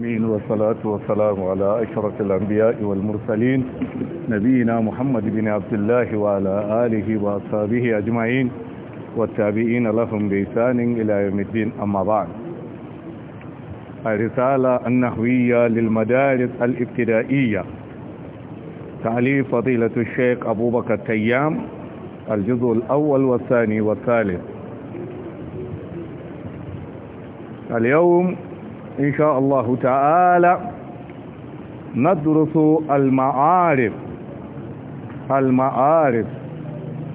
المسلمين والصلاة والسلام على أشرف الأنبياء والمرسلين نبينا محمد بن عبد الله وعلى آله وأصحابه أجمعين والتابعين لهم بإحسان إلى يوم الدين أما بعد الرسالة النحوية للمدارس الابتدائية تعليف فضيلة الشيخ أبو بكر التيام الجزء الأول والثاني والثالث اليوم إن شاء الله تعالى ندرس المعارف المعارف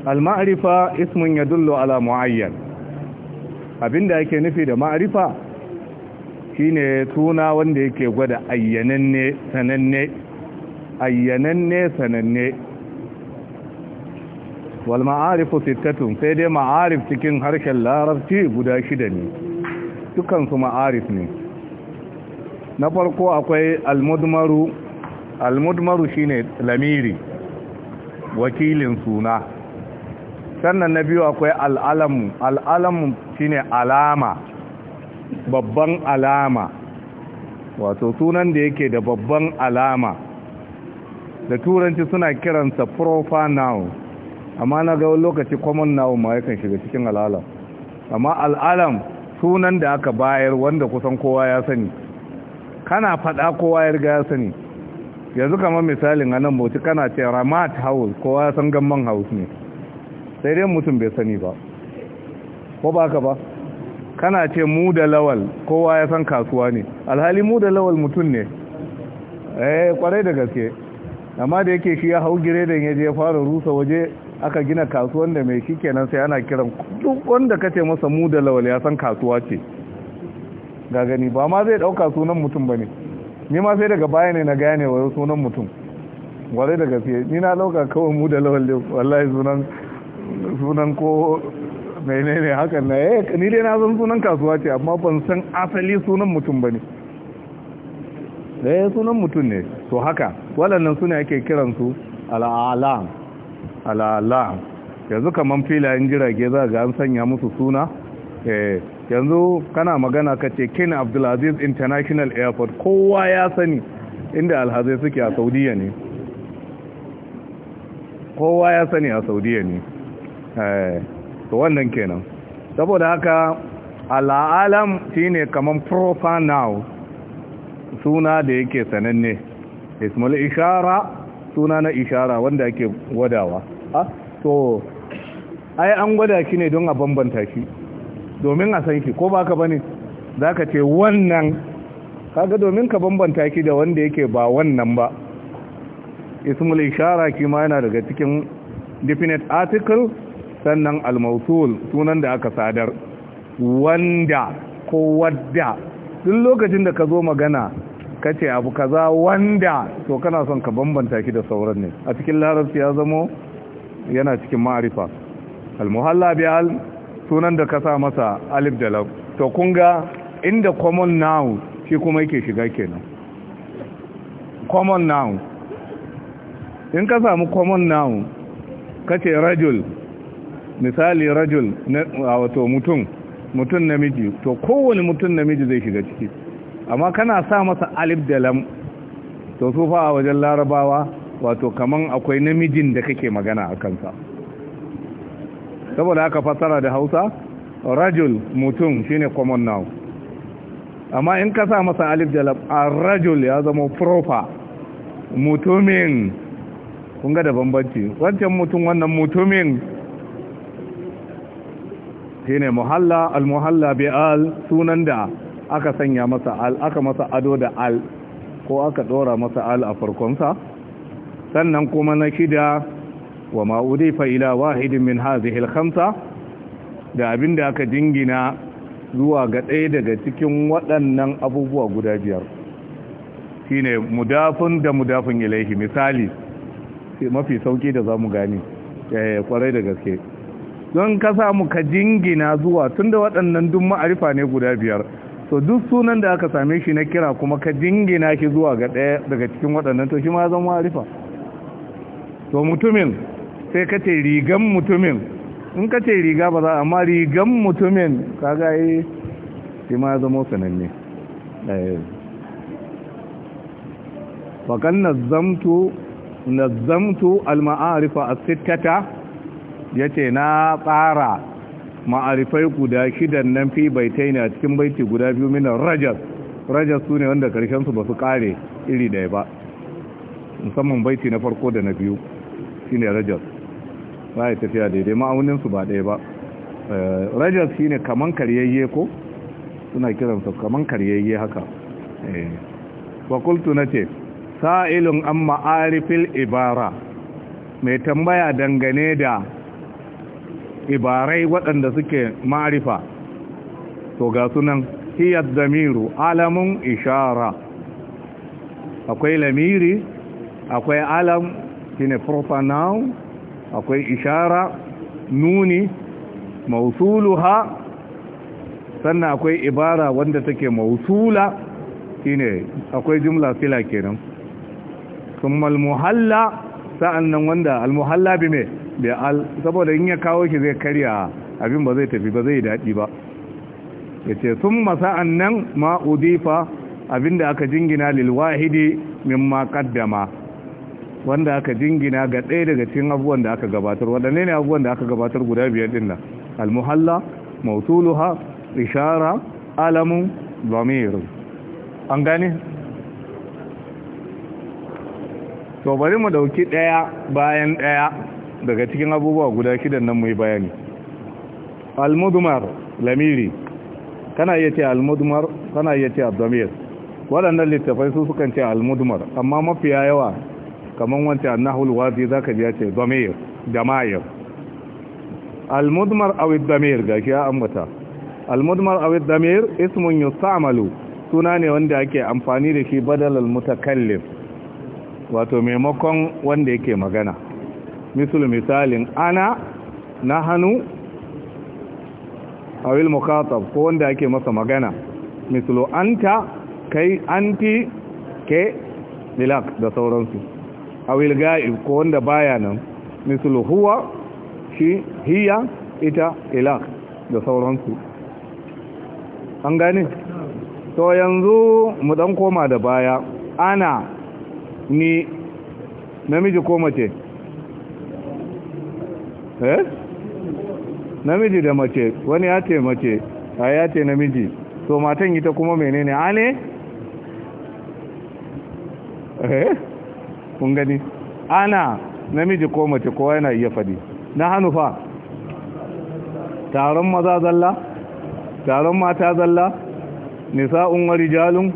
المعرفة اسم يدل على معين abin da yake nufi da ma'arifa shine suna wanda yake gwada ayyananne sananne ayyananne sananne wal ma'arifu sittatun sai dai ma'arif cikin harshen larabci guda shida ne dukansu ma'arif ne na farko akwai almudmaru almudmaru shine lamiri wakilin suna sannan na biyu akwai al'alamu al'alamu shine alama babban alama wato sunan da yake da babban alama da turanci suna kiransa proper noun amma na ga lokaci common noun ma yakan shiga cikin al'alam amma al'alam sunan da aka bayar wanda kusan kowa ya sani kana faɗa kowa ya riga ya sani yanzu kamar misalin a nan bauchi kana ce ramat house kowa ya san gamman house ne sai dai mutum bai sani ba ko ba ka ba kana ce mu da lawal kowa ya san kasuwa ne alhali mu da lawal mutum ne eh kwarai da gaske amma da yake shi ya hau gire da yaje ya fara rusa waje aka gina kasuwan da mai shi kenan sai ana kiran duk wanda kace masa mu da lawal ya san kasuwa ce ga gani ba ma zai dauka sunan mutum ba ne ni ma sai daga baya ne na gane wa sunan mutum ware da gaske ni na dauka kawai mu da lawal wallahi sunan sunan ko menene hakan na eh ni dai na san sunan kasuwa ce amma ban san asali sunan mutum bane eh sunan mutum ne to haka waɗannan suna ake kiran su al'alam al'alam yanzu kaman filayen jirage za ga an sanya musu suna eh yanzu kana magana ka ce king abdulaziz international airport kowa ya sani inda alhazai suke a saudiya ne kowa ya sani a saudiya ne eh, to wannan kenan saboda haka ala'alam shine kamar proper now suna da yake sananne ismul ishara suna na ishara wanda ake gwadawa ah, to ai an gwada shi ne don a bambanta shi domin a san ki ko ba ka bane za ka ce wannan kaga domin ka bambanta ki da wanda yake ba wannan ba ismul ishara ki ma yana daga cikin definite article sannan al-mawsul sunan da aka sadar wanda ko wadda duk lokacin da ka zo magana ka ce abu kaza wanda to kana son ka bambanta ki da sauran ne a cikin larabci ya zamo yana cikin ma'arifa al-muhalla bi al sunan da ka sa masa alif da lam to kun ga inda common noun shi kuma yake shiga kenan common noun in ka samu common noun kace rajul misali rajul wato mutum mutum namiji to kowane mutum namiji zai shiga ciki amma kana sa masa alif da lam to su fa a wajen larabawa wato kaman akwai namijin da kake magana a kansa saboda haka fasara da hausa rajul mutum shine common noun amma in ka sa masa alif da lam rajul ya zama proper mutumin kun ga da bambanci wancan mutum wannan mutumin shine muhalla al-muhalla bi al sunan da aka sanya masa al aka masa ado da al ko aka dora masa al a farkonsa sannan kuma na shida wa ma udifa ila wahidin min hadhihi al-khamsa da abinda aka jingina zuwa ga ɗaya daga cikin waɗannan abubuwa guda biyar shine mudafin da mudafin ilaihi misali mafi sauki da zamu gani kwarai eh, da gaske don ka samu ka jingina zuwa tunda waɗannan duk ma'arifa ne guda biyar so duk sunan da aka same shi na kira kuma ka jingina shi zuwa ga ɗaya daga cikin waɗannan to shi ma zan ma'arifa to mutumin sai ka ce rigan mutumin in ka ce riga ba za amma rigan mutumin kaga yi shi ma zama sananne eh. fakan nazamtu nazamtu al-ma'arifa as yace na tsara ma'arifai guda shidan nan fi baitaina cikin baiti guda biyu mina rajas rajas su ne wanda karshensu su ba su kare iri daya ba musamman baiti na farko da na biyu shine rajas Ba tafiya daidai ma'auninsu ba ɗaya ba eh, rajas shi ne kaman karyayye ko suna kiransa kaman karyayye haka fakultu eh, na ce sa'ilun an ma'arifil ibara mai tambaya dangane da ibarai waɗanda suke ma'arifa to ga sunan hiyar damiru alamun ishara akwai lamiri akwai alam shine proper noun akwai ishara nuni mausuluha sannan akwai ibara wanda take mausula shine akwai jumla sila kenan kuma muhalla sa'annan wanda almuhalla bi me bi al saboda in ya kawo shi zai karya abin ba zai tafi ba zai dadi ba yace thumma sa'annan ma udifa abinda aka jingina lil wahidi mimma qaddama wanda aka jingina ga ɗaya daga cikin abubuwan da aka gabatar waɗanne ne abubuwan da aka gabatar guda biyar din nan almuhalla mautuluha ishara alamun Bamiru, an gane to bari mu dauki ɗaya bayan ɗaya daga cikin abubuwa guda shidan nan mu yi bayani almudumar lamiri kana iya ce almudumar kana iya ce abdomir waɗannan littafai su sukan ce almudumar amma mafiya yawa kamar wanta annahul wazi zaka ji ya ce damir damir al-mudmar aw ad-damir gashi ya ambata al-mudmar aw damir ismun yusta'malu suna ne wanda ake amfani da shi badal al wato maimakon wanda yake magana misul misalin ana nahanu aw al-muqatab ko wanda ake masa magana an anta kai anti ke milak da sauransu awil ga'ib ko wanda baya nan mislu huwa shi hiya ita ila da sauransu an gane to yanzu mu dan koma da baya ana ni namiji ko mace eh namiji da mace wani ya ce mace a ya ce namiji to matan ita kuma menene ane eh kun gani ana namiji ko mace ko yana iya faɗi na hanufa taron maza zalla taron mata zalla nisa'un wa rijalun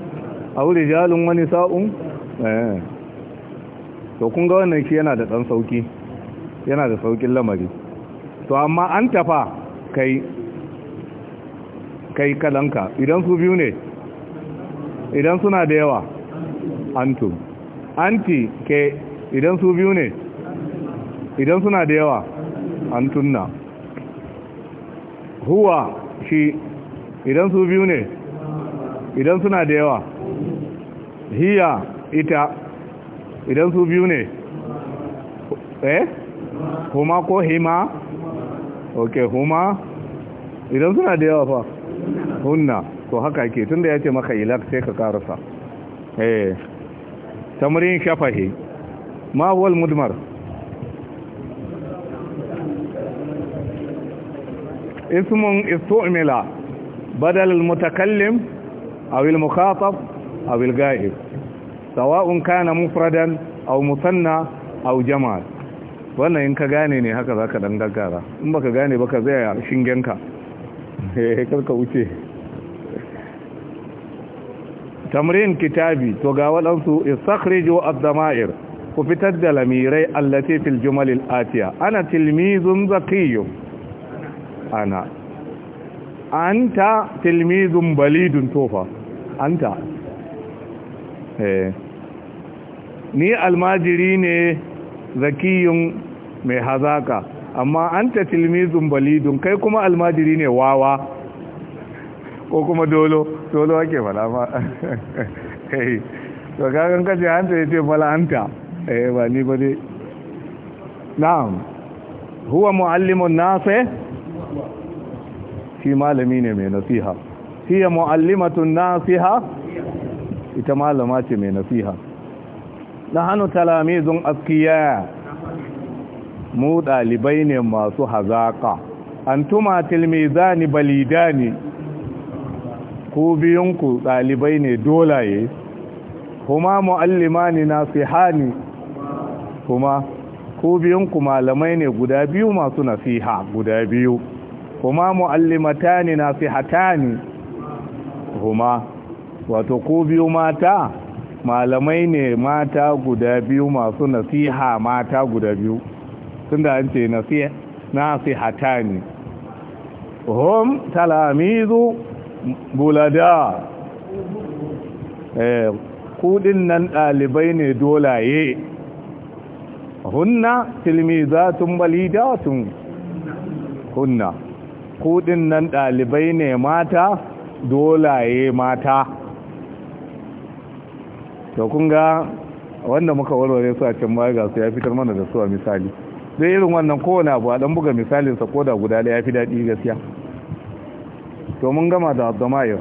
au rijalun wa nisa'un eh to kun ga wannan shi yana da dan sauki yana da saukin lamari to amma an tafa kai kai kalanka idan su biyu ne idan suna da yawa antum anti ke idan su biyu ne idan suna da yawa an tunna huwa shi idan su biyu ne idan suna da yawa hiya ita idan su biyu ne eh huma ko hima ok huma idan suna da yawa fa hunna to haka ke tunda ya ce maka ilak sai ka karasa eh تمرين شفهي ما هو المدمر اسم استعمل بدل المتكلم او المخاطب او الغائب سواء كان مفردا او مثنى او جمع وانا انك ka ني هكذا haka za ka ɗan بك زي baka gane baka tamrin kitabi to ga waɗansu istakhriju ad-dama'ir ku fitar da lamirai allati fil jumal al-atiya ana tilmizun zakiyu ana anta tilmizun balidun tofa anta eh ni almajiri ne zakiyun mai hazaka amma anta tilmizun balidun kai kuma almajiri ne wawa ko kuma dolo tolo ake fada ma to kagan kace hanta ya ce fala hanta eh ba ni ba dai na'am huwa muallimun nafi shi malami ne mai nasiha hiya muallimatun nasiha ita malama ce mai nasiha Na nahanu talamizun askiya mu dalibai ne masu hazaka antuma tilmizani balidani ku biyanku ɗalibai ne dolaye kuma mu'allimani nasihani kuma ku biyanku malamai ne guda biyu masu nasiha guda biyu kuma mu'allimatani nasihatani kuma wato ku biyu mata malamai ne mata guda biyu masu nasiha mata guda biyu da an ce nasihatani hum talamizu bulada eh, kudin nan ɗalibai ne dolaye hunna tilmizatun balidatun hunna kudin nan ɗalibai ne mata dolaye mata to kun ga wanda muka warware su a can baya ga su ya fitar mana da su a misali zai irin wannan kowane bu a dan buga misalinsa ko da guda da ya fi daɗi gaskiya to mun gama da abdomayir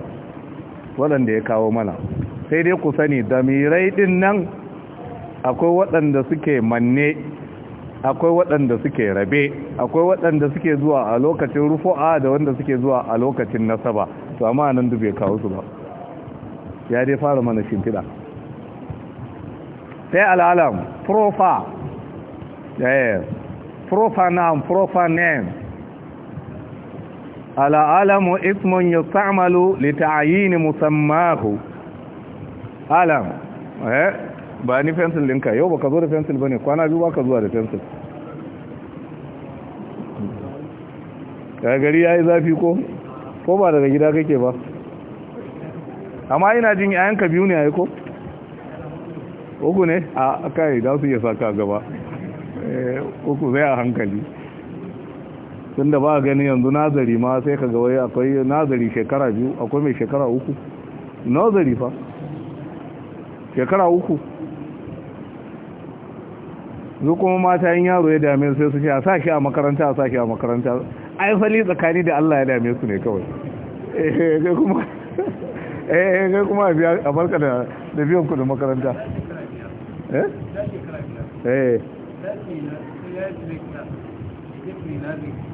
waɗanda ya kawo mana sai dai ku sani damirai ɗin nan akwai waɗanda suke manne akwai waɗanda suke rabe akwai waɗanda suke zuwa a lokacin rufu'a da wanda suke zuwa a lokacin nasaba to amma nan duk bai kawo su ba ya dai fara mana shimfiɗa sai al'alam profa yes profa noun profa name العلم اسم يستعمل لتعيين مسماه علم eh ba ni pencil ɗinka yau ba ka zo da ba ne, kwana biyu ka zuwa da pencil gari ya yi zafi ko ko ba daga gida kake ba amma ina jin yayanka biyu ne yi ko uku ne a kai da su iya saka gaba eh, uku zai a hankali tunda ba gani yanzu nazari ma sai ka ga wai akwai nazari shekara biyu akwai mai shekara uku nazari fa shekara uku zu kuma mata yin yaro ya dame sai su ce a sa shi a makaranta a sa shi a makaranta ai fali tsakani da Allah ya dame su ne kawai eh kai kuma eh kai kuma a barka da da biyan kudin makaranta eh eh eh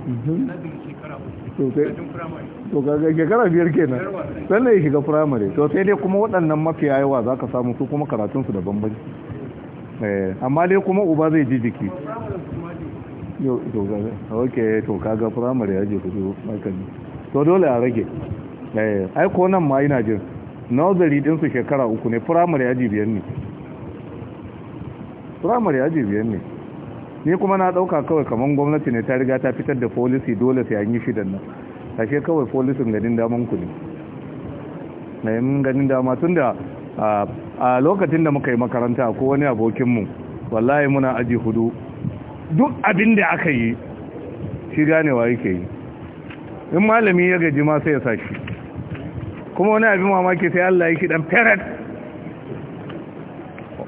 Mhm. to kaga shekara biyar kenan sannan ya shiga firamare to sai dai kuma waɗannan mafiya yawa za ka samu su kuma karatunsu da bambanci eh, amma dai kuma uba zai ji jiki ok to kaga firamare ya je kudu makon to dole a rage eh, aiko nan ma ina jin nursery ɗinsu shekara uku ne firamare ya biyar ne firamare ya biyar ne ni kuma na dauka kawai kamar gwamnati ne ta riga ta fitar da policy dole sai an yi shidan nan ashe kawai policyn ganin daman ku ne eh, na ganin dama tun a lokacin da muka yi makaranta ko wani abokinmu wallahi muna aji hudu duk abin da aka yi shi ganewa yake yi in malami ya gaji ma sai ya sashi kuma wani abin mamaki sai Allah yake dan ferret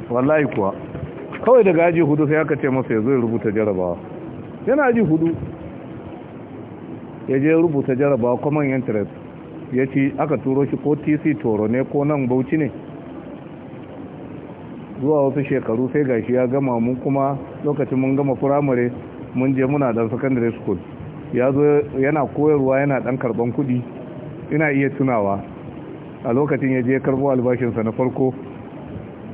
wallahi kuwa kawai daga aji hudu sai aka ce masa ya zo ya rubuta jarabawa yana aji hudu ya je rubuta jarabawa common interest ya ci aka turo shi ko tc toro ne ko nan bauchi ne zuwa wasu shekaru sai gashi ya gama mun kuma lokacin mun gama firamare mun je muna dan secondary school ya zo yana koyarwa yana dan karban kudi ina iya tunawa a lokacin ya je karbo albashinsa na farko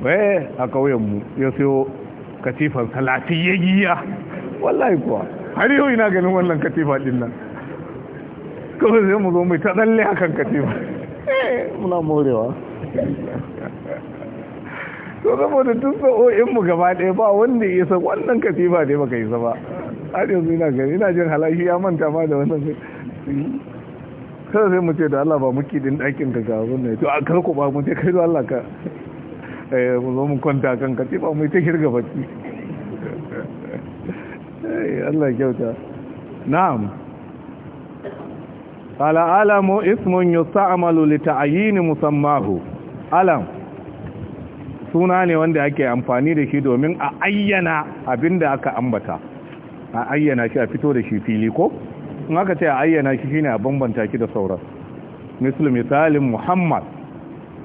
eh a ƙauyenmu ya siyo katifar salatiyayya wallahi kuwa har yau ina ganin wannan katifa din nan kuma sai mu zo mai ta tsalle akan katifa eh, muna morewa to saboda tun sa'o'in mu gaba ɗaya ba wanda ya san wannan katifa ne baka yi ba har yanzu ina gani ina jin halashi ya manta ma da wannan sai sai mu ce da Allah ba muke din ɗakin ka ga wannan to a karku ba mu je kai da Allah ka mu eh, zo mu kwanta kan katifa mu ta shirga bacci eh, Allah kyauta na'am ala alamu ismun yusta'malu li ta'yin musammahu alam suna ne wanda ake amfani da shi domin a ayyana abinda aka ambata a ayyana shi a fito da shi fili ko in aka ce a ayyana shi shine a bambanta shi da sauran misali misalin muhammad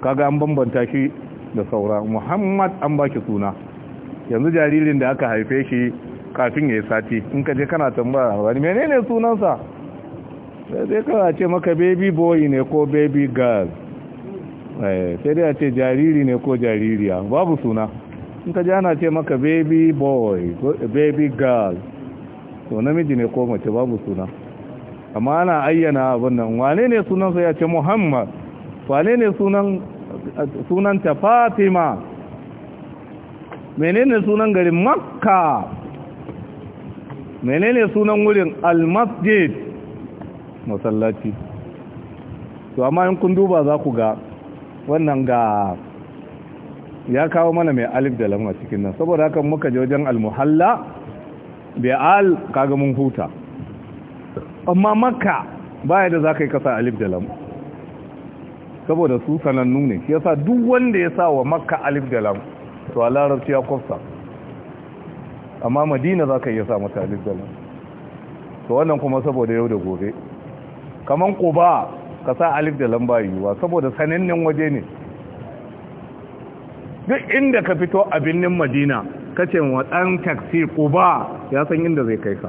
kaga an bambanta shi da saura muhammad an baki suna yanzu jaririn da aka haife shi kafin ya yi sati in ka je kana tambaya wani menene sunansa sai a ce maka baby boy ne ko baby girl eh, sai dai a ce jariri ne ko jaririya babu suna in ka ana ce maka baby boy baby girl to namiji ne ko mace babu suna amma ana ayyana abin nan wane ne sunansa ya ce muhammad wane ne sunan sunanta fatima menene sunan garin makka menene sunan wurin almasjid masallaci to amma in kun duba za ku ga wannan ga ya kawo mana mai alif da a cikin nan saboda haka muka je wajen almuhalla bi al kaga mun huta amma makka baya da za ka yi kasa alif da lamma saboda su sanannu ne yasa duk wanda ya sa wa makka alif da lam to a larabci ya kwafsa amma madina za ka iya sa mata alif da lam to wannan kuma saboda yau da gobe kaman kuba ka sa alif da lam ba yiwuwa saboda sanannen waje ne duk inda ka fito a binnin madina ka ce wa ɗan taksi kuba ya san inda zai kai ka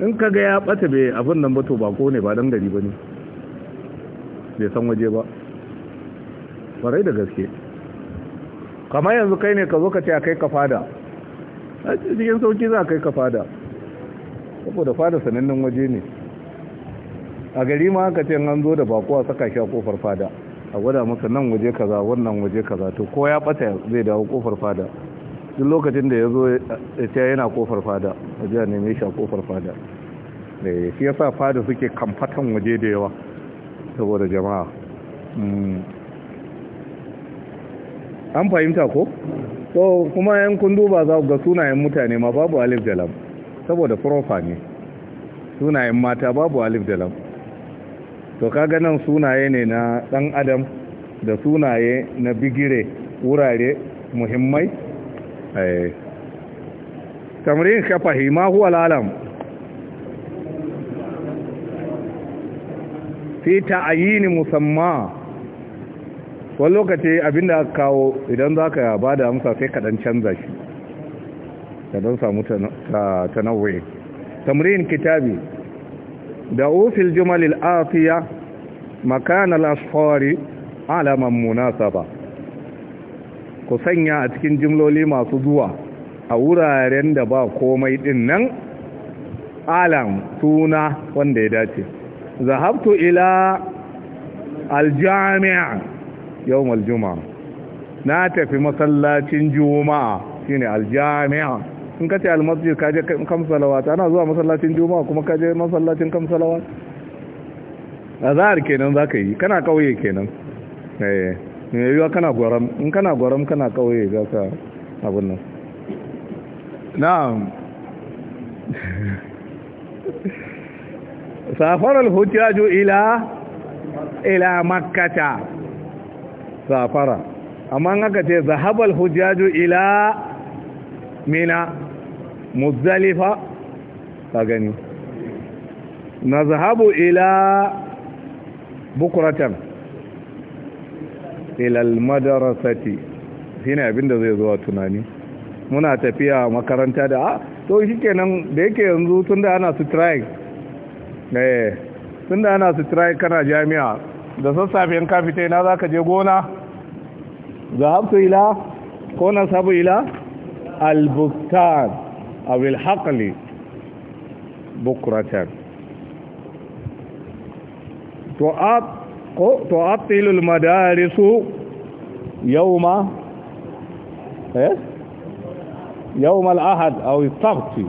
in ka ga ya bata bai abin nan ba to ba ko ne ba ɗan gari ba ne bai san waje ba farai da gaske kama yanzu kai ne ka zo ka ce a kai ka fada a cikin sauki za a kai ka fada saboda fada sanannen waje ne a gari ma haka ce an zo da bakuwa saka shi a kofar fada a gwada masa nan waje kaza wannan waje kaza to ko ya bata zai dawo kofar fada duk lokacin da ya zo ya ce yana kofar fada a jiya neme shi a kofar fada da eh, ya shi yasa fada suke kamfatan waje da yawa saboda jama'a hmm. an fahimta ko so kuma yan kun duba za ga sunayen mutane ma babu alif da lam saboda profa ne sunayen mata babu alif da lam to kaga nan sunaye ne na dan adam da sunaye na bigire wurare muhimmai eh. tamrin ka fahima huwa lalam fi ta'ayini musamma wani lokaci abinda aka kawo idan za ka ba da amsa sai kaɗan canza shi da don samu tanawai tamrin kitabi da ofil jumalil afiya makanal asfari alaman munasaba ku sanya a cikin jimloli masu zuwa a wuraren da ba komai din nan alam suna wanda ya dace zahabtu ila aljami'a yawmal juma'a na tafi masallacin juma'a shine aljami'a in kace almasjid kaje kam salawat ana zuwa masallacin juma'a kuma kaje masallacin kam A azhar kenan za ka yi kana kauye kenan eh ne yiwa kana gwaram in kana gwaram kana kauye zaka abun nan na'am safar al-hujjaju ila ila makkah safara amma an aka ce zahabal hujjaju ila mina muzdalifa ta gani na zahabu ila bukuratan ilal madarasati shi abinda zai zuwa tunani muna tafiya makaranta da a to shi kenan da yake yanzu tun da ana strike tun da ana strike kana jami'a da sassafen ka fita ina za ka je gona za haftu ila ko na sabu ila albuktan abil haƙali bukratan to madari madarisu yau ma al eh? yau mal'ahad a wistarti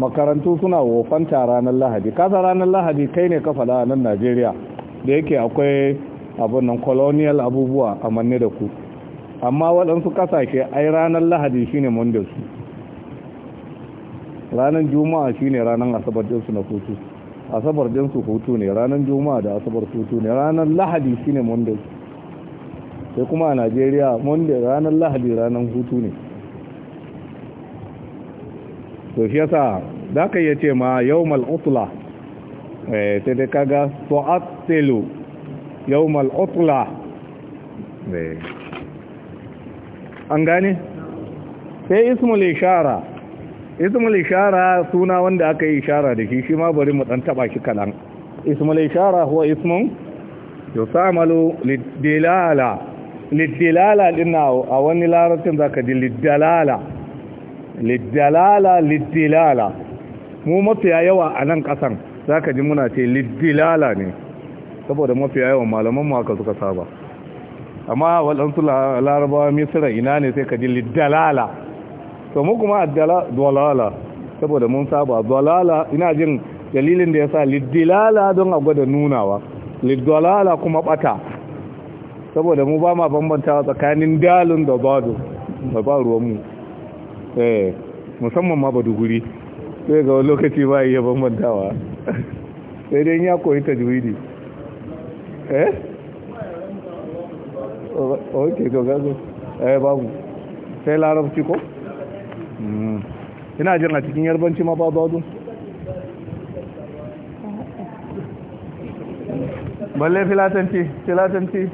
makarantu suna wofanta ranar lahadi kasa ranar lahadi kai ne kafa nan najeriya da yake akwai abin nan colonial abubuwa a manne da ku amma waɗansu ƙasashe ai ranar lahadi shine ne su ranar juma'a shine ranar asabar jinsu na hutu asabar jinsu hutu ne ranar juma'a da asabar hutu ne ranar lahadi shine monday sai kuma a najeriya monday ranar lahadi ranar hutu ne to shi yasa za ka iya ce ma yau mal'utula sai eh, dai kaga tu'attilu yawmal utla eh. an gane sai ismul ishara ismul ishara suna wanda aka yi ishara da shi shi ma bari mu dan taba shi kalan ismul ishara huwa ismun yusamalu lidilala lidilala dinna a wani larabcin zaka ji lidalala lidalala lidilala mu mafiya yawa a nan kasan za ka ji muna ce Lidilala ne saboda mafi yawan malaman mu haka suka saba amma waɗansu larabawa misira ina ne sai ka ji Lidilala. to mu kuma addala dalala saboda mun saba dalala ina jin dalilin da ya sa Lidilala don a gwada nunawa Lidilala kuma bata saboda mu ba ma bambanta tsakanin dalin da bado da ba ruwanmu eh musamman ma ba duguri sai ga wani lokaci ba iya bambantawa sai dai ya koyi tajwidi eh ok to gazo eh babu sai larabci ko hmm. ina jin a cikin yarbanci ma babu babu balle filatanci filatanci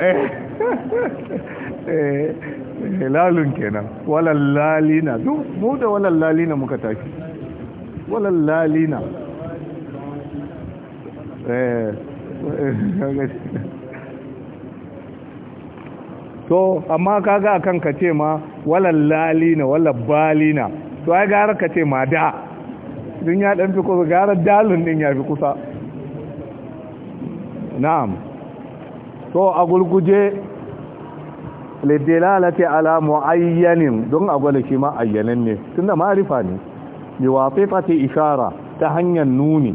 eh, eh, eh lalun kenan walallalina duk mu da walallalina muka tafi walal lalina eh, to amma kaga akan ka ce ma walal lalina walal balina to ai gara ka ce ma da din ya dan fi kusa gara dalun din ya fi kusa na'am to a gurguje lidilalati ala muayyanin don a gwada shi ma ayyanan ne tunda ma'arifa ne biwasitati ishara ta hanyar nuni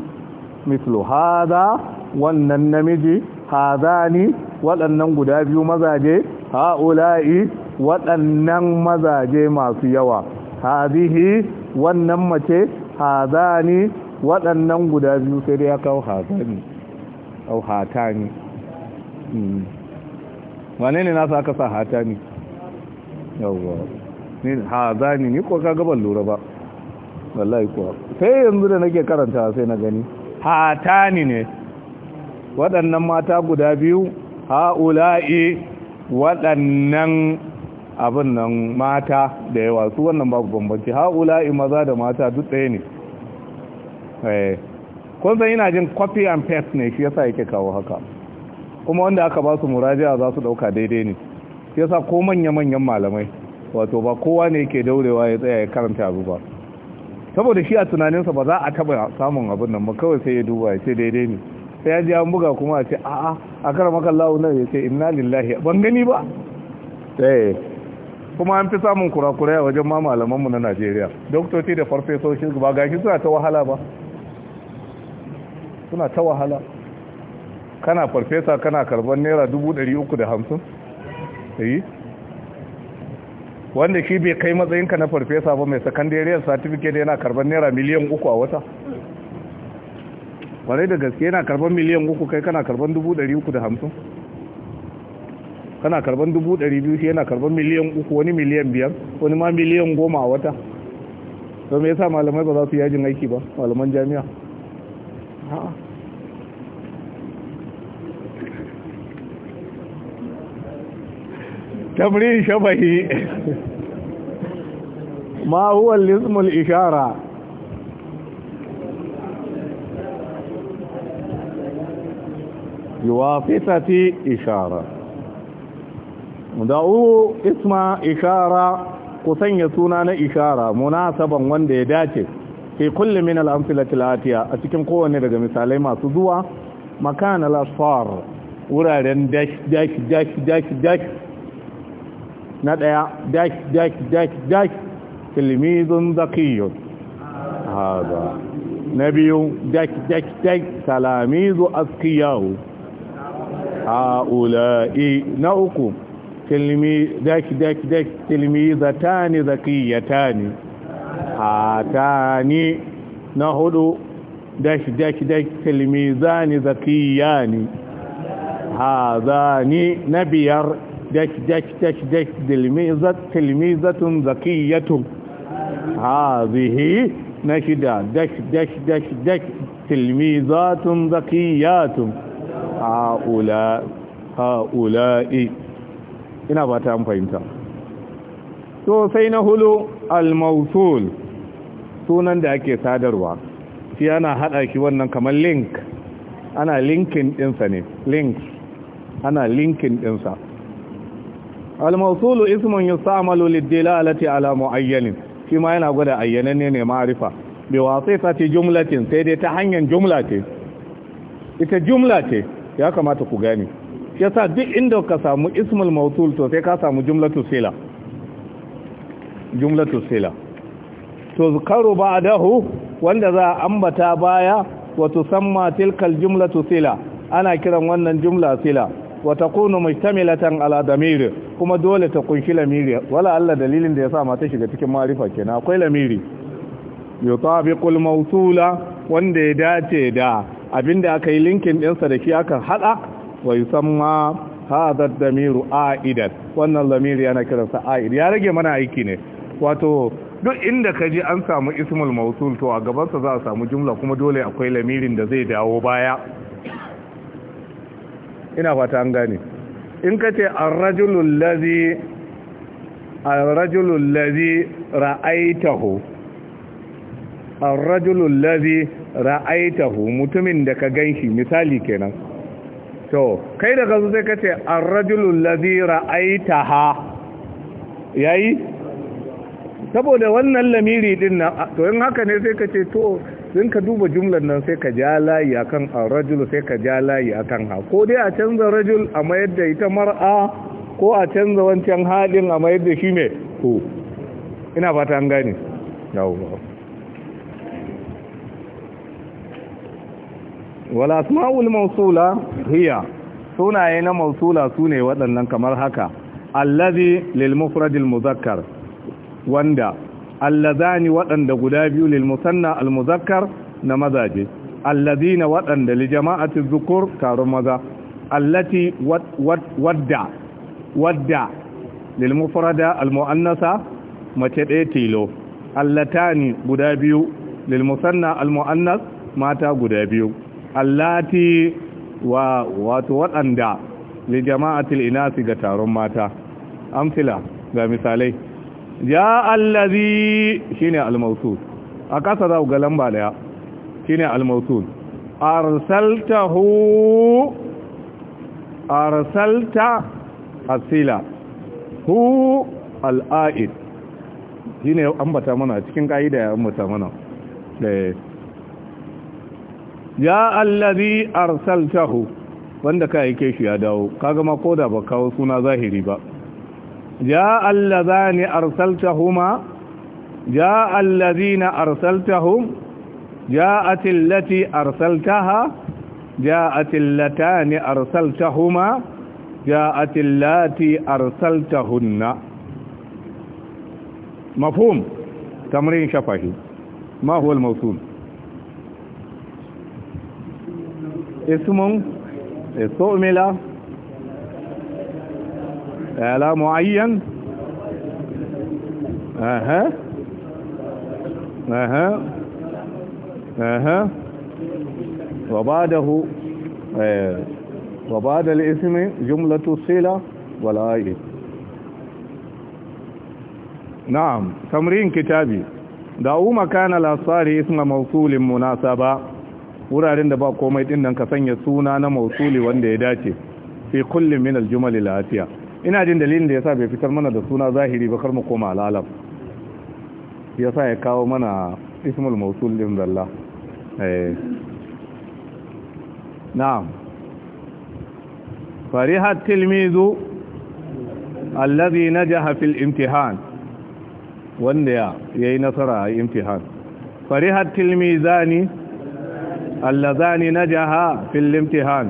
mislu haza wannan namiji Haza ni waɗannan guda biyu mazaje ha'ula'i waɗannan mazaje masu yawa hadihi wannan mace Haza ni waɗannan guda biyu sai dai aka kawo hadani au hatani wane ne nasa aka sa hatani yawwa ni hadani ni ko ka gaban lura ba wallahi kuwa sai yanzu da nake karanta sai na gani hatani ne waɗannan mata guda biyu ha'ula'i waɗannan abin nan mata da yawa su wannan babu bambanci ha'ula'i maza da mata duk ɗaya ne eh. kun san yana jin copy an paste ne shi yasa yake kawo haka kuma wanda aka ba su murajiya za su ɗauka daidai ne shi yasa ko manya-manyan malamai wato ba kowa ne ke daurewa ya tsaya ya karanta abu ba saboda shi a tunaninsa ba za a taba samun abin nan ba kawai sai ya duba ya ce daidai ne sai ya ji an buga kuma a ce a'a a kar makallahu nan ya ce inna lillahi ban gani ba ɗaya eh. kuma an fi samun kurakurai a wajen ma malamanmu na Najeriya doktoci da farfesoshi ba gashi suna ta wahala ba suna ta wahala kana farfesa kana karban naira dubu uku da hamsin. Eh. wanda shi bai kai matsayinka na farfesa ba mai sakandariyar certificate yana karban naira miliyan uku a wata wane da gaske yana karban miliyan uku kai kana karban dubu dari uku da hamsin kana karban dubu dari biyu shi yana karban miliyan uku wani miliyan biyar wani ma miliyan goma a wata to me yasa malamai ba za su yajin aiki ba malaman jami'a تمرين شبهي ما هو اللزم الإشارة بواسطة إشارة دعوه اسم إشارة قسن يسونان إشارة مناسبا وان ديداتي في كل من الأمثلة الآتية أتكم قوة نرغة مثالي ما سدوا مكان الأصفار ورادن داش داش داش داش داش, داش. نادايا داك داك داك داك تلميذ ذكي هذا نبي داك داك داك تلاميذ أذكياء هؤلاء نوكم داك داك داك تلميذتان ذكيتان هاتان نهدو داك داك داك تلميذان ذكيان هذان نبيار dash dash dash dash tilmizat tilmizatun zakiyatun hazihi na shida dash dash dash dash tilmizatun zakiyatun haula haula'i ina ba ta fahimta to sai na hulu al-mawsul sunan da ake sadarwa shi ana hada shi wannan kamar link ana linkin dinsa ne link ana linkin dinsa al-mawsulu ismun yusta'malu lid-dilalati ala yana gwada ayyananne ne ma'rifa bi wasitati sai dai ta hanyar jumla ce ita jumla ce ya kamata ku gani yasa duk inda ka samu ismul mawsul to sai ka samu jumlatu sila jumlatu sila to zkaru ba'dahu wanda za a ambata baya wa tusamma tilkal jumlatu sila ana kiran wannan jumla sila wa takunu mujtamilatan ala damir kuma dole ta kunshi lamiri wala Allah dalilin da yasa mata shiga cikin ma'rifa kenan akwai lamiri yutabiqul mawsula wanda ya dace da abinda aka yi linkin ɗinsa da shi aka hada wa yusamma hadha ad-damiru Idan. wannan lamiri yana kiransa aid ya rage mana aiki ne wato duk inda ka ji an samu ismul mawsul to a gabansa za a samu jumla kuma dole akwai lamirin da zai dawo baya ina fata an gane in ka ce arrajulun lazi lazi ra'aitahu arrajulun lazi ra'aitahu mutumin da ka shi misali kenan to kai da kazo sai ka ce arrajulun lazi ra'aitaha yayi saboda wannan lamiri din na to in haka ne sai ka ce to sun ka duba jumlar nan sai ka ja layi akan rajul sai ka ja layi akan ha ko dai a canza rajul a mayar da ita mar'a ko a canza wancan halin a mayar da shi mai ko ina fata an gane yawon wala asma'ul mausula hiya sunaye na mausula sune waɗannan kamar haka allazi lil mufradil muzakkar wanda allazani waɗanda guda biyu lil musanna al muzakkar na mazaje allazina waɗanda li jama'ati dhukur taron maza allati wadda wadda lil mufrada al muannasa mace ɗaya tilo allatani guda biyu lil musanna al muannas mata guda biyu allati wa wato waɗanda li jama'atil inasi ga taron mata amsila ga misalai Ya allazi shine al-mawsul a kasa za ga lamba daya shine al-mawsul arsaltahu arsalta asila hu al-aid shine ambata mana cikin kaida ya ambata mana eh ya allazi arsaltahu wanda ka aike shi ya dawo kaga ma koda ba kawo suna zahiri ba جاء اللذان أرسلتهما جاء الذين أرسلتهم جاءت التي أرسلتها جاءت اللتان أرسلتهما جاءت اللاتي أرسلتهن مفهوم تمرين شفهي ما هو الموصول اسم استؤمل لا معين اها اها اها وبعده وبعد الاسم جملة الصلة والآية نعم تمرين كتابي دعو مكان الأصار اسم موصول مناسبة wuraren da ba komai din nan ka sanya suna na mausuli wanda ya dace fi kullum min aljumal lafiya ina jin dalilin da ya sa bai fitar mana da suna zahiri ba kar mu koma alalam sa ya kawo mana ismul mausul din zalla eh. na'am fariha tilmizu alladhi najaha fil imtihan wanda ya yayi nasara a imtihan fariha tilmizani alladhani najaha fil imtihan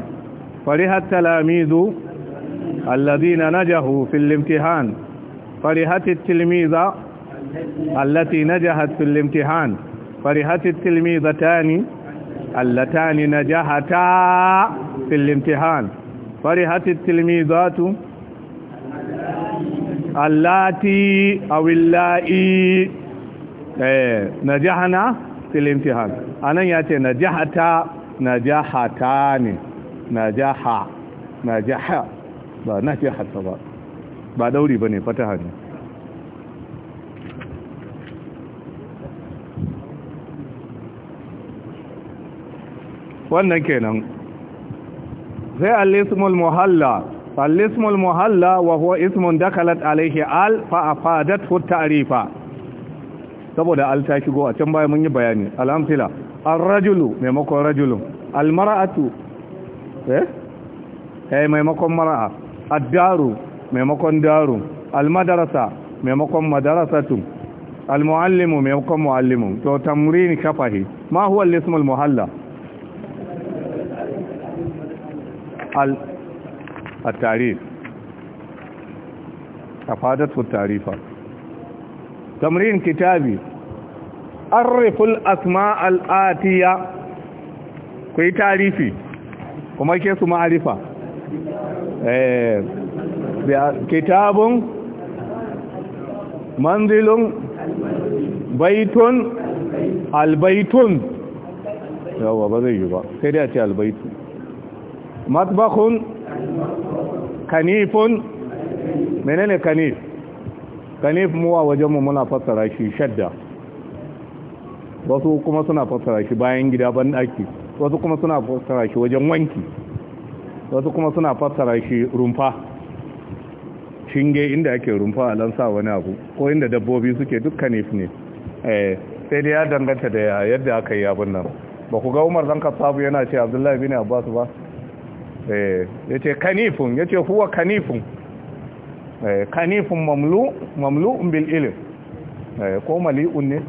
fariha talamizu الذين نجحوا في الامتحان فرحت التلميذة التي نجحت في الامتحان فرحت التلميذتان اللتان نجحتا في الامتحان فرحت التلميذات اللاتي او اللائي آه، نجحنا في الامتحان انا ياتي نجحتا نجحتان نجحا نجحا ba na fi hatta ba ba dauri ba ne fataha ne wannan kenan sai al-ismul muhalla al muhalla wa huwa ismun dakalat alayhi al fa hu ta'rifa saboda al ta shigo a can baya mun yi bayani al ar-rajulu maimakon rajulun al-mar'atu eh eh maimakon mara'a. addaru maimakon daru almadarasa maimakon madarasatu almuallimu maimakon muallimu to tamrini kafahi ma huwa al-ism al-muhalla التعريف tarifa التعريفة تمرين كتابي عرف الأسماء kuyi tarifi kuma ke su ma'arifa. Eh, kitabun manzilun baitun albaitun yawa ba zai yi ba sai dai a ce albaitu matbakun kanifun menene kanif kanif mu a wajenmu muna fassara shi shadda wasu kuma suna fassara shi bayan gida ban daki wasu kuma suna fassara shi wajen wanki wasu kuma suna fassara shi rumfa shinge inda ake rumfa a lansa wani abu ko inda dabbobi suke dukkan ne eh, sai dai ya danganta da yadda aka yi abin nan ba ku ga umar zanka sabu yana ce abdullahi bin abbas ba eh, ya ce kanifin ya ce huwa kanifin eh, kanifin mamlu bil ilim ko mali'un ne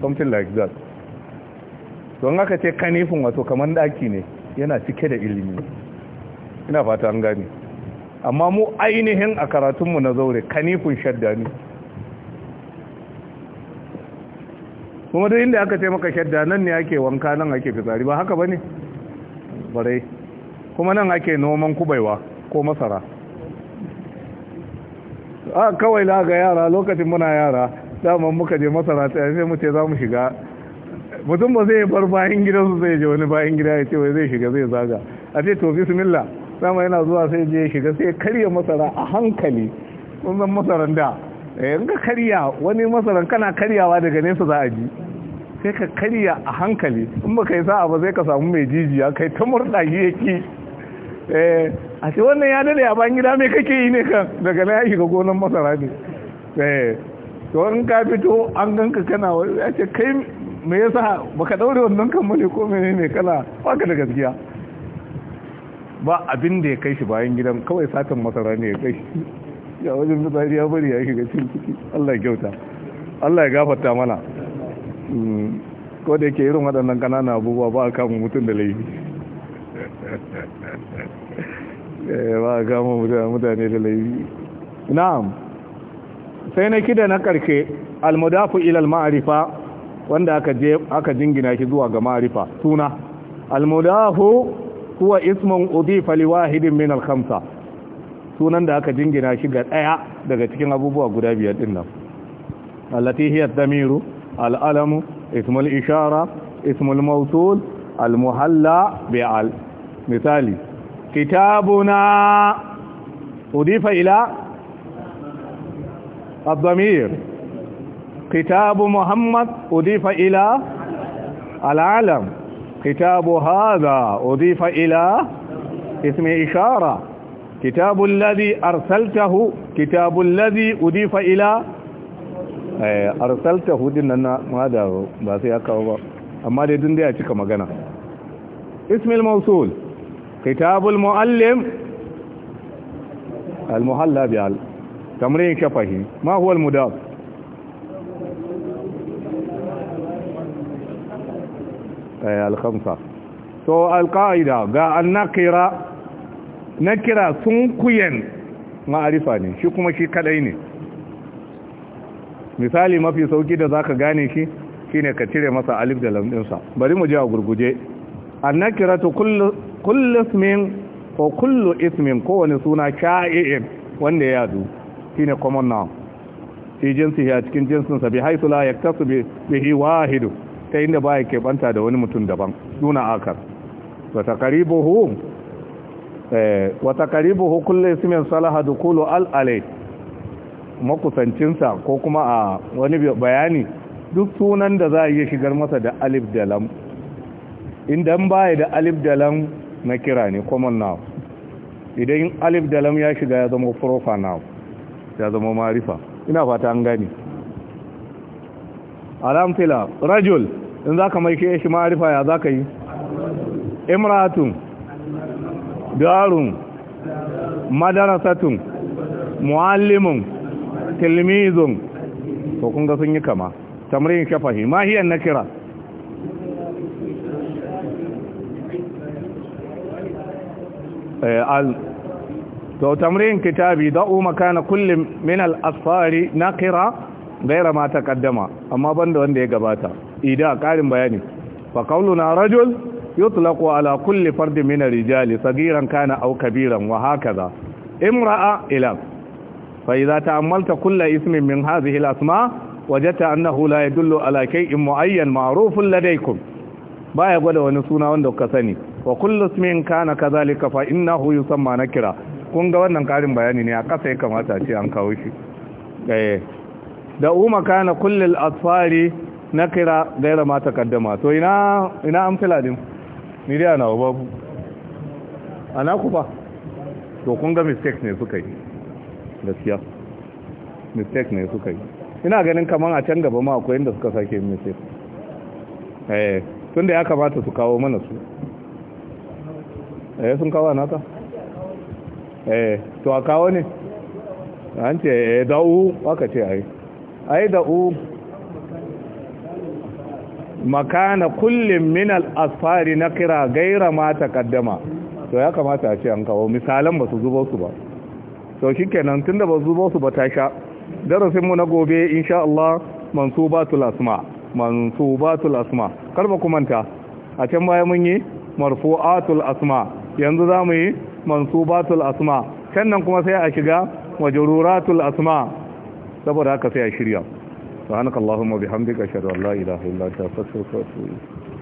something like that don haka ce kanifin wato kamar daki ne yana cike da ilimi ina fata an gani amma mu ainihin a karatunmu na zaure kanifin shadda ne kuma duk inda aka ce maka shadda nan ne ake wanka nan ake fitsari ba haka ba ne barai kuma nan ake noman kubaiwa ko masara a kawai laga yara lokacin muna yara daman muka je masara ta sai mu ce za mu shiga mutum ba zai bar bayan su zai je wani bayan gida ya ce wai zai shiga zai zaga a ce to bismillah sama yana zuwa sai je shiga sai karya masara a hankali kun san masaran da eh, in ka karya wani masaran kana karyawa daga nesa za a ji sai ka karya a hankali in ba kai sa'a ba zai ka samu mai jijiya kai ta murɗa yake eh a ce wannan ya dade a bayan gida mai kake yi ne kan daga na ya shiga gonan masara ne eh, to in ka fito an ganka kana ya ce kai me yasa baka daure wannan kan bane ko menene ba ka da gaskiya ba abin da ya kai shi bayan gidan kawai satan masara ne ya kai shi ya wajen fitsari ya bari ya shiga cin ciki Allah ya kyauta Allah ya gafarta mana hmm. ko da yake irin waɗannan ƙananan abubuwa ba a kama mutum da laifi eh, ba a kama mutane da laifi na'am sai na kida na ƙarshe almudafu ilal ma'arifa wanda aka je aka jingina shi zuwa ga ma'rifa suna almudafu huwa ismun udifa li wahidin min al-khamsa sunan da aka jingina shi ga daya daga cikin abubuwa guda biyar din nan allati hiya damiru al-alamu ismul ishara ismul mawsul al-muhalla bi'al misali kitabuna udifa ila الضمير كتاب محمد أضيف إلى العلم كتاب هذا أضيف إلى اسم إشارة كتاب الذي أرسلته كتاب الذي أضيف إلى إيه، أرسلته ديننا ماذا باسي أكاوبا أما دين دي أتكا مغانا اسم الموصول كتاب المعلم المحلى بيال تمرين كفهي ما هو المدافع Eh, alkhamsa to alƙa'ida ga annakira nakira sun kuyen ma'arifa ne shi kuma shi kadai ne misali mafi sauki da zaka gane shi shine ka cire masa alif da lam bari mu je a gurguje to kullu kullu ismin ko kullu ismin ko wani suna sha'i'in wanda ya yadu shine common noun fi ya cikin jinsin sa bi haythu la yaktasu bihi wahidu ta inda baya banta da wani mutum daban nuna akar wata karibuhu eh, wata kulle simin salaha dukulu al'ale makusancinsa ko kuma a wani bayani duk sunan da za a iya shigar masa da alif da lam baya da alif da na kira ne common now idan alif da ya shiga ya zama profa now ya zama marifa ina fata an gani alamfila rajul in za ka maike shi ma'arifa ya za ka yi imratun darun madarasatun muallimun tilmizun to kunga sun yi kama tamrin kafahi ma hiyan nakira eh, al to tamrin kitabi da'u makana kullum min al-asfari nakira gaira ma ta kaddama amma banda wanda ya gabata ida karin bayani fa qauluna rajul yutlaqu ala kulli fardin min rijali sagiran kana aw kabiran wa hakaza imra'a ila fa idza ta'ammalta kulla ismin min hadhihi al-asma wajadta annahu la yadullu ala shay'in mu'ayyan ma'rufun ladaykum baya gwada wani suna wanda kuka sani wa kullu ismin kana kadhalika fa innahu yusamma nakira kun ga wannan karin bayani ne a kasa ya kamata ce an kawo shi eh da umma kana kullil asfari kira gaira ma kaddama to ina an amsala din ni dai ana babu ana ku ba to kun ga mistake ne suka yi gaskiya mistake ne suka yi ina ganin kamar a can gaba ma akwai inda suka sake mistake eh tunda ya kamata su kawo mana su eh sun kawo naka eh to a kawo ne an ce eh dawo waka ce ai ai u makana kullum minal asfari na gaira ma takaddama to ya kamata a ce an kawo misalan ba su zubo su ba to shikenan tunda ba zubo su ba ta sha darasin mu na gobe insha Allah mansubatul asma mansubatul asma kar ba ku manta a can baya mun yi marfu'atul asma yanzu zamu yi mansubatul asma sannan kuma sai a shiga majruratul asma saboda haka sai a shirya subhanakallahumma bihamdika ashhadu an la ilaha illa anta astaghfiruka wa atubu